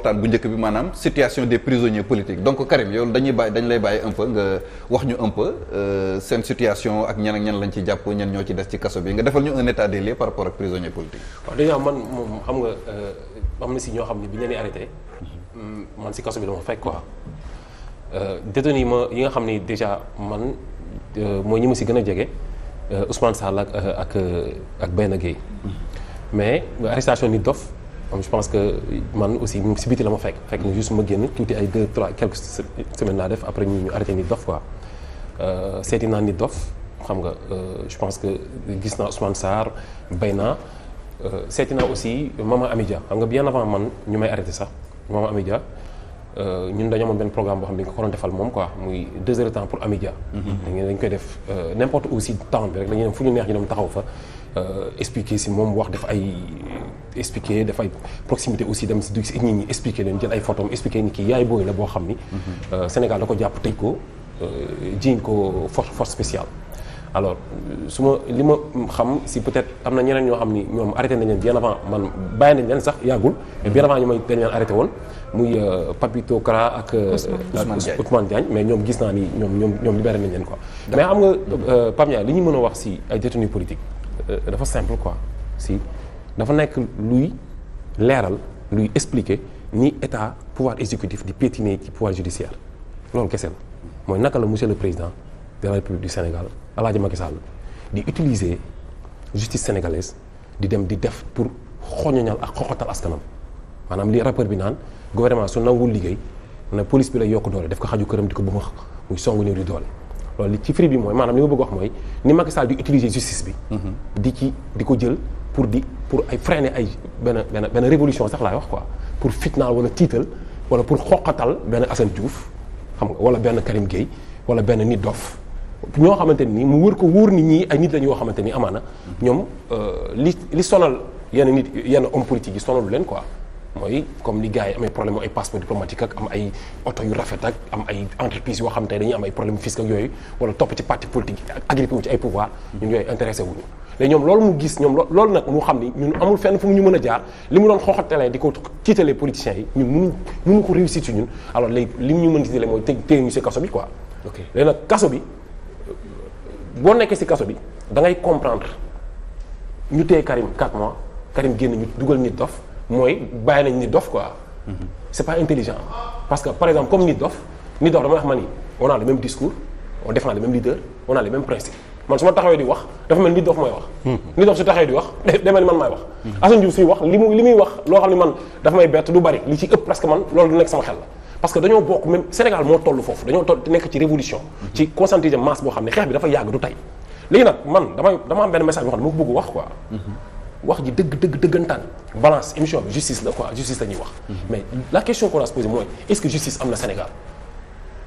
waxtaan bu njëkk bi maanaam situation de prisonniers politiques donc Karim yow dañuy bàyyi dañ lay bàyyi un peu nga wax ñu un euh, seen situation ak ñan ak ñan lañ ci jàpp ñan ñoo ci des ci kaso bi nga defal ñu un état des lieux par rapport ak prisonniers politiques. waaw déjà man moom xam nga euh, am na si ñoo xam ne bi ñu leen arrêté mm, man si kaso bi dama fekk quoi euh, détenu yi ma yi nga xam ne déjà man mooy ñi ma si gën a jege Ousmane Sall ak ak ak Bayna Gueye mm-hmm. mais arrestation Nit Dof. am je pense que man aussi si biti la ma fekk. fekk na juste ma génn tuuti ay deux trois quelques semaines laa def après ñu ñu arrêté nit dof quoi euh, seeti naa nit dof xam nga euh, je pense que gis naa Ousmane Sarr bay naa euh, seeti naa aussi Mama Amidia xam nga bien avant man ñu may arrêté sax Mama Amidia ñun dañoo amoon benn programme boo xam ne dañu ko waroon defal moom quoi muy deux heures de temps pour Amidia. Mhm. dañu dañ koy def n'importe où si temps bi rek dañuy dem fu ñu neex ñu dem taxaw fa. Euh, expliquer si moom wax def ay expliquer def ay proximité aussi dem si dugg si nit ñi expliquer leen jël ay photos expliquer ni kii yaay booy la boo xam ni. Mhm. Euh, Sénégal da ko jàpp tëj ko euh, jiiñ ko force force spéciale. alors su ma li ma xam si peut-être am na ñeneen ñoo xam ni ñoom arrêté nañ leen bien avant man bàyyi sax yàggul. mais bien avant ñu may dañ leen arrêté woon muy Papito Kara ak. Ousmane Diagne mais ñoom gis naa ni ñoom ñoom ñoom libéré nañ leen quoi. mais am nga Pape Ndiaye li ñu mën a wax si ay détenus politique Euh, dafa simple quoi si dafa nekk luy leeral luy expliquer ni état pouvoir exécutif di piétiner ci pouvoir judiciaire loolu kese la mooy naka la monsieur le président de la république du Sénégal Alaaji Macky Sall di utiliser justice sénégalaise di dem di def pour xoñoñal ak xoxotal askanam maanaam li rapport bi naan gouvernement su nanguwul liggéey na police bi lay yokk doole def ko xaju këram di ko bëmax muy songu néew di doole loolu ci firi bi mooy maanaam li ma bëgg wax mooy ni Macky Sall di utiliser justice bi. Mhm. di ci di ko jël pour di pour ay freiner ay benn benn benn révolution sax laay wax ko pour fitnaal wala tiital wala pour xoqatal benn Assane Diouf xam nga wala benn Karim Gueye wala benn nit dof ñoo xamante ni mu wër ko wóor nit ñi ay nit la ñoo xamante ni amaana mhm. ñoom euh, li li sonal yenn nit yenn homme politique yi sonalu leen quoi. mooy comme li gars yi amee problème ay passeport diplomatique ak am ay oto yu rafet ak am ay entreprise yoo xam te dañuy am ay problème fiscal ak yooyu wala topp ci parti politique ak agrippé wu ci ay pouvoir ñun yooyu intéressé wuñu léegi ñoom loolu mu gis ñoom loolu nag mu xam ni ñun amul fenn fu ñu mën a jaar li mu doon xooxatelee di ko tiitalee politiciens yi ñun mënuñ mënu ko réussir ci ñun alors léegi li ñu mën tiitalee mooy téye ñu si kaso boo nekkee si kaso bi da ngay comprendre ñu téye Karim 4 mois Karim génn dugal nit dof mooy bàyyi nañ nit dof quoi. c'est pas intelligent parce que par exemple comme nit dof nit dof dama wax ma ni on a le discours on défend le même leader on a les mêmes principes man su ma taxawee di wax dafa mel nit dof mooy wax. nit dof su taxawee di wax day mel ni man maay wax. Assane suy wax li mu li muy wax loo xam ne man dafa may bett du bari li ci ëpp parce man loolu du nekk sama xel la. parce que dañoo bokk même Sénégal moo toll foofu dañoo toll nekk ci révolution ci conscientiser masse boo xam ne xeex bi dafa yàgg du tey man damay dama am benn message wax ji dëgg dëgg dëggantaan balance émission bi justice la quoi mhm. mais la question qu'on a se posée mooy est-ce que justice am na Sénégal.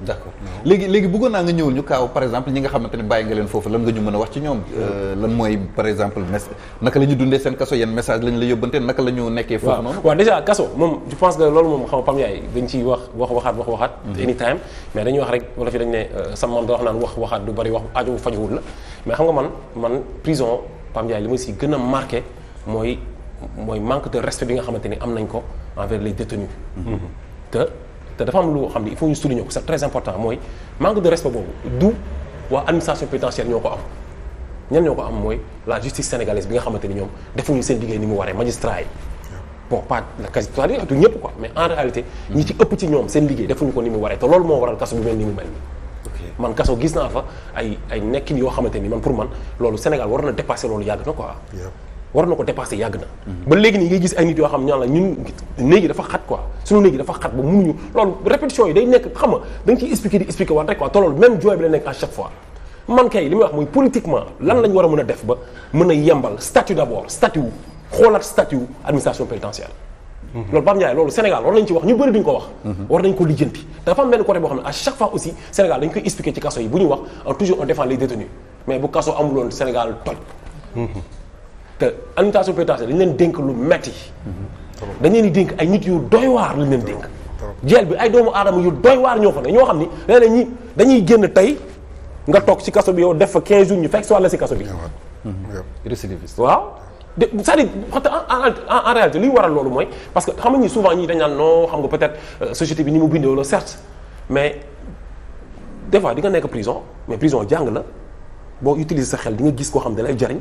d'accord léegi léegi bëggoon naa nga ñëwul ñu kaaw par exemple ñi nga xamante ne bàyyi nga leen foofu lan nga ñu mën a wax ci ñoom. Euh, euh, lan mooy par exemple naka la ñu dundee seen kaso yenn message lañ la yóbbante naka la ñu nekkee. foofu noonu waaw déjà kaso moom je pense que loolu moom xam nga Pam Yaay dañ ciy wax wax waxaat wax waxaat. Mhm. anytime mais dañuy wax rek wala fi dañ ne euh, sama maam da wax xam nga man man prison Pam Yaay li ma si a marqué. mooy mooy manque de respect bi nga xamante ni am nañ ko envers les détenus te te dafa am loo xam ne il faut ñu souligner ko c'est mooy manque de respect boobu du waa administration pénitentiaire ñoo ko am ñan ñoo ko am mooy la justice sénégalaise bi nga xamante ni ñoom defuñu seen liggéey ni mu waree magistrat yi bon pas la quasi totalité du ñëpp mais en réalité ñi ci ëpp ci ñoom seen liggéey defuñu ko ni mu waree te loolu moo waral kaso bu mel ni mu mel man kaso gis naa fa ay ay yoo xamante ni man pour man loolu Sénégal war na dépasser loolu yàgg na quoi war na ko dépasser yàgg na. ba léegi nii ngay gis ay nit yoo xam ñaan la ñun néegi dafa xat quoi suñu néegi dafa xat ba mënuñu loolu répétition yi day nekk xam nga da nga ciy expliquer di expliquer waat rek quoi te la nekk war a mën a def ba mën a yembal statut d'abord statut xoolaat statut administration pénitentiaire loolu Pape Ndiaye loolu Sénégal war nañ ci wax ñu bëri duñ ko wax war nañ ko lijjanti dafa am benn côté boo xam ne à chaque fois aussi Sénégal dañ koy expliquer ci kaso yi bu ñuy wax toujours on défend les détenus mais bu kaso amuloon Sénégal toj te administration pénitentiaire dañu leen dénk lu metti dañu leen di dénk ay nit yu doy waar lañ leen dénk jeel bi ay doomu aadama yu doy waar ñoo fa ne ñoo xam ni léeg-léeg dañuy génn tey nga toog ci kaso bi yow def fa quinze jours ñu fekk si wàlla si kaso bi mm-hmm. récidiviste waaw de c'est-à-dire en loolu mooy parce que xam nga ni ñi dañ naan non xam nga peut-être euh, société bi ni mu bindoo la certes mais des fois di nga nekk prison mais prison jàng la boo utiliser sa xel di nga gis koo xam ne lay jariñ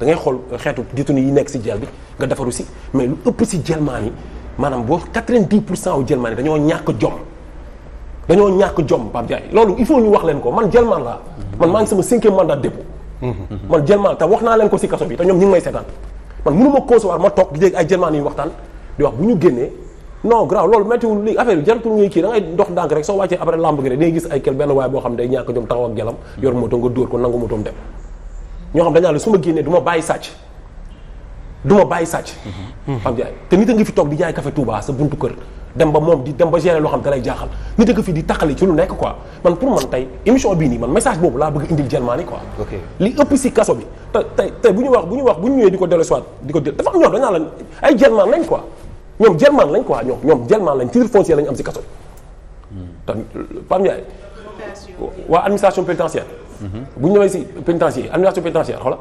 da ngay xool xeetu détenu yi nekk si jël bi nga defaru si mais lu ëpp si jëlmaan yi maanaam boo 90 pour cent wu jëlmaan dañoo ñàkk jom dañoo ñàkk jom Pape Ndiaye loolu il faut ñu wax leen ko man jëlmaan laa man maa ngi sama cinquième mandat dépôt man jëlmaan te wax naa leen ko si kaso bi te ñoom ñu ngi may seetaan man mënu ma concevoir ma toog léegi ay jëlmaan yu waxtaan di wax bu ñu génnee non grave loolu méttiwul léegi affaire bi jaratul ngay kii da ngay dox ndànk rek soo ñoo xam dañaa la su ma génnee du ma bàyyi sàcc du ma bàyyi sàcc xam mhm. jaay te nit a ngi fi toog di jaay café Touba sa buntu kër dem ba moom di dem ba gérer loo xam dalay jaaxal nit a ngi fi di taxale ci lu nekk quoi man pour man tey émission bii nii man message boobu laa bëgg indil Jelmani quoi li ëpp si kaso bi te tey bu ñu wax bu ñu wax bu ñu ñëwee di ko dellu soit di ko dafa am ñoom dañaa la ay Jelmani lañ quoi ñoom Jelmani lañ quoi ñoom ñoom Jelmani lañ titre foncier lañ am si kaso bi hmm. te Pam Ndiaye waa bu ñu demee si pénitentiaire administration pénitentiaire xoola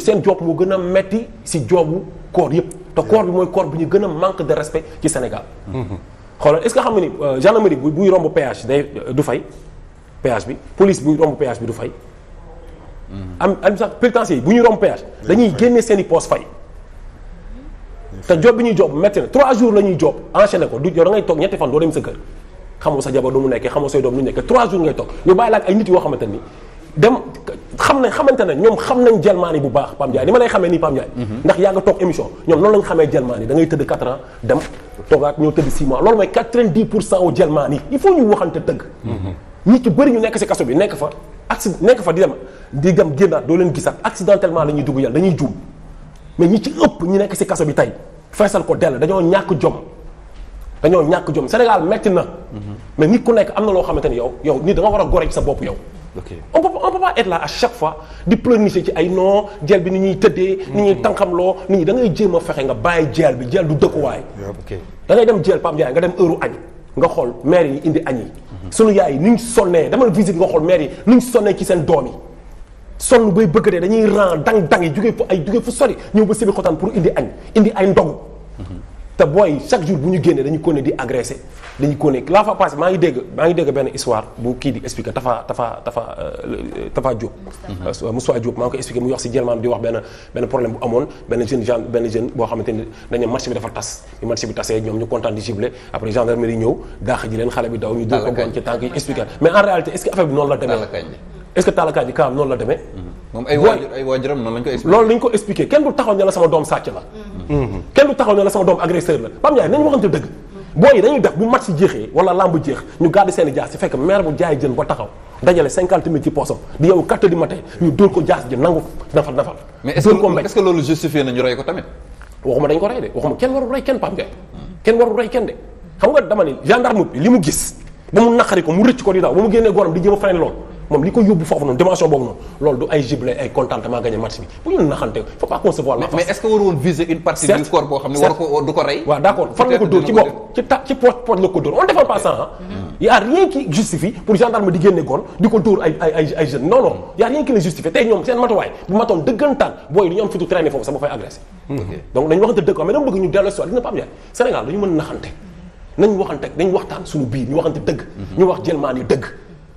seen job moo gën a metti si joobu corps yëpp te corps bi mooy corps bi ñu gën a manque de respect ci Sénégal xoolal est-ce que xam nga ni euh, gendarmerie bu buy romb péage day euh, du fay péage bi police buy romb péage bi du fay mm-hmm. am am sax pénitentiaire bu ñu romb péage dañuy génne seen i poos te job bi ñuy job métti na trois jours la ñuy job enchaîné ko du yow da ngay toog ñetti fan doo dem sa kër xamoo sa jabar doo mu nit yoo xamante ni dem xam nañ xamante ne ñoom xam nañ jalmaani bu baax Pam Ndiaye ni ma lay xamee nii Pam Ndiaye mhm. ndax yaa nga toog émission ñoom noonu lañ xamee jalmaani da ngay tëdd 4 ans dem toogaat ñoo tëdd 6 mois loolu mooy 90 pour cent wu jalmaani il faut ñu waxante mhm. bëri ñu nekk si kaso bi nekk fa accident nekk fa di dem di dem génnaat doo leen gisaat accidentellement la ñuy dugg yàlla dañuy juum mais ñi ci ëpp ñi nekk si kaso bi tey feesal ko dell dañoo ñàkk jom dañoo ñàkk jom Sénégal metti na mhm. mais nit ku nekk am na loo xamante ni yow yow nit da war a gore sa bopp yow ok on peut on peut pas être là chaque fois di ci ay non jël bi ni ñuy tëddee. ni ñuy tànqamloo nit ñi da ngay jéem a fexe nga bàyyi jël bi jël du dëkkuwaay. ok da ngay dem jël Pape Ndiaye nga dem heure añ nga xool maire yi indi añ yi. Mhm. sunu yaay nu ñu sonnee demal visite nga xool maire yi ni ñu sonnee ci seen doom yi. sonn bay bëgg dee dañuy ran dang dang yi jugee fu ay jugee fu sori ñëw ba Sébikotane pour indi añ indi ay ndogu. Mhm. te booy chaque jour bu ñu génnee dañu kone di agressé dañu kone la fois passée maa ngi dégg maa ngi dégg benn histoire bu kii di expliqué Tafa Tafa Tafa euh, Tafa Diop. Moussa euh, Diop maa ngi ko expliqué mu wax si jëlmaam di wax benn benn problème bu amoon benn jeune genre boo xamante ni dañu marché bi dafa tas ñu marché bi tasee ñoom ñu kontaan di après gendarmerie ñëw daax ji leen xale bi daw ñu dóor ko goon ci tànk yi expliqué mais en réalité est ce que est-ce kenn du taxaw ne la sama doom kenn du taxaw ne la sama doom agresseur la Pape Ndiaye nañu waxante dëgg booy dañuy def bu match jeexee wala lamb jeex ñu garder seen i jaas si fekk maire bu jaay jën ba taxaw dajale cinquante mille ci poosam di yow quatre heures du ñu dóor ko jaas ji nangu nafal nafal mais est-ce que est-ce que loolu justifié na ñu rey ko tamit waxuma dañ ko rey de waxuma kenn warul rey kenn Pape Ndiaye kenn warul rey kenn de xam nga dama ni gendarme bi li mu gis ba mu naqari ko mu rëcc ko a fane moom li ko yóbbu foofu noonu dimension boobu noonu loolu du ay gible ay contentement gagné match bi bu ñu naxante faut pas concevoir la mais du ko du ko rey waaw d'accord fan la ko dóor ci bopp ci ta ci poche la ko dóor on défend pas ça mm-hmm. y a rien qui justifie pour gendarme di génne goon di ko dóor ay ay ay ay jeunes a rien qui les justifie tey ñoom seen matuwaay bu matoon dëggantaan booy du am fitu traîner foofu sax ba fay agressé mm-hmm. donc waxtaan suñu biir ñu waxante dëgg mm-hmm. wax jëlmaan yu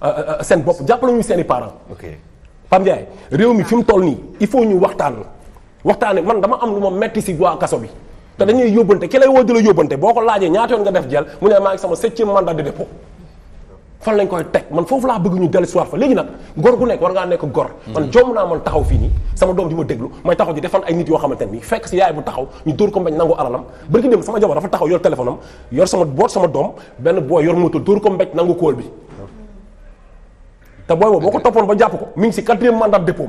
Euh, seen bopp jàppale ñu seen i parents. ok Pape Ndiaye réew mi fi mu toll nii il faut ñu waxtaan waxtaanee man dama am lu ma metti si waa kaso bi. te dañuy yóbbante ki lay woo di la yóbbante boo ko laajee ñaata yoon nga def jël mu ne maa ngi sama septième mandat de dépôt. fan lañ koy teg man foofu laa bëgg ñu dellu soir fa léegi nag gor gu nekk war ngaa nekk gor man hmm. jomm naa man taxaw fii nii sama doom di ma déglu may taxaw di defan ay nit yoo xamante ni fekk si bu taxaw ñu dóor ko mbañ nangu alalam bërki dem sama jabar dafa taxaw yor téléphone am yor sama boot sama doom benn booy yor moto dóor ko mbéj nangu kóol bi te booy boobu boo ko toppoon ba jàpp ko mi ngi si quatrième mandat dépôt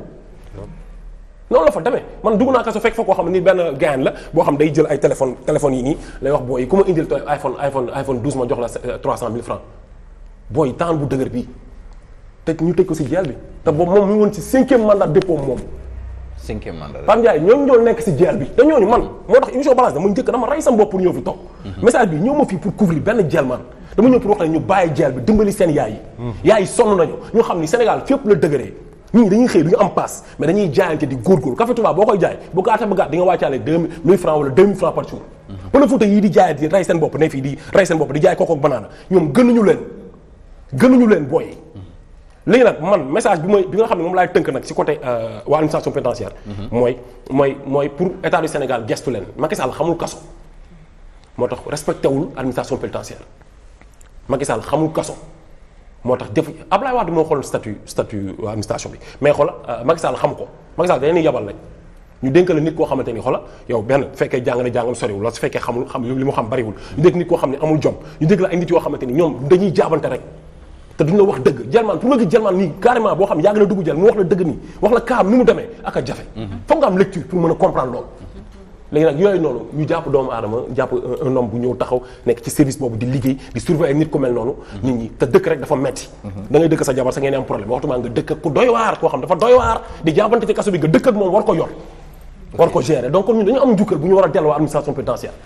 noonu la fa demee man dugg naa kaso fekk fa koo xam ni benn gain la boo xam day jël ay téléphone téléphone yi nii lay wax booy ku ma indil tooy iPhone iPhone iPhone 12 ma jox la 300 000 euh, francs booy temps bu dëgër bii te ñu tëj ko si jeel bi te boobu moom mu ngi woon si cinquième mandat dépôt moom. cinquième mandat Pape Ndiaye ñooñu ñoo nekk si jeel bi te ñooñu man moo tax émission balance dama njëkk mhm. message bi ñëw ma fii pour couvrir benn jeel man. dama ñëw pour wax ne ñu bàyyi jeel bi dimbali seen yaay yi yaay yi sonn nañu ñu xam ni Sénégal fépp la dëgëree ñii dañuy xëy du ñu am paas mais dañuy jaayante di góorgóorlu café Touba boo koy jaay bu gaata ba gaat di nga wàccaale deux mille francs wala deux mille francs par jour wala Fuuta yii di jaayante di rey seen gënuñu leen booy léegi nag man message bi mooy bi nga xam ne moom laay tënk nag ci côté euh, waa administration pénitentiaire mhm. mooy mooy mooy pour état du Sénégal gestu leen Macky Sall xamul kaso moo tax respecté wul administration pénitentiaire Macky Sall xamul kaso moo tax def Ablaye Wade moo xool statut statut administration bi mais xoola euh, Macky Sall xamu ko Macky Sall dañuy yabal rek ñu dénk la nit koo xamante ni xoola yow benn fekkee jàng na jàngam soriwul la su fekkee xamul xam li mu xam bariwul ñu dégg nit koo xam ne amul jom ñu dégg la ay nit yoo xamante ni ñoom dañuy jaabante rek te duñ la wax dëgg jalmaan pour nga gis nii carrément boo xam yàgg na dugg jël mu wax la dëgg ni mu demee ak a jafe mm-hmm. foog léegi nag yooyu noonu ñu jàpp doomu aadama jàpp un homme bu ñëw taxaw nekk ci service boobu di liggéey di surveiller nit ku mel noonu mhm. nit ñi te dëkk rek dafa metti mhm. da dëkk sa jabar sa ngeen am problème waxtu maa nga dëkk ku doy waar koo xam dafa doy waar di jàppante ci kaso bi nga dëkk moom war ko yor war ko gérer donc ñun dañu am njukkal bu ñu war a delluwaa administration pénitentiaire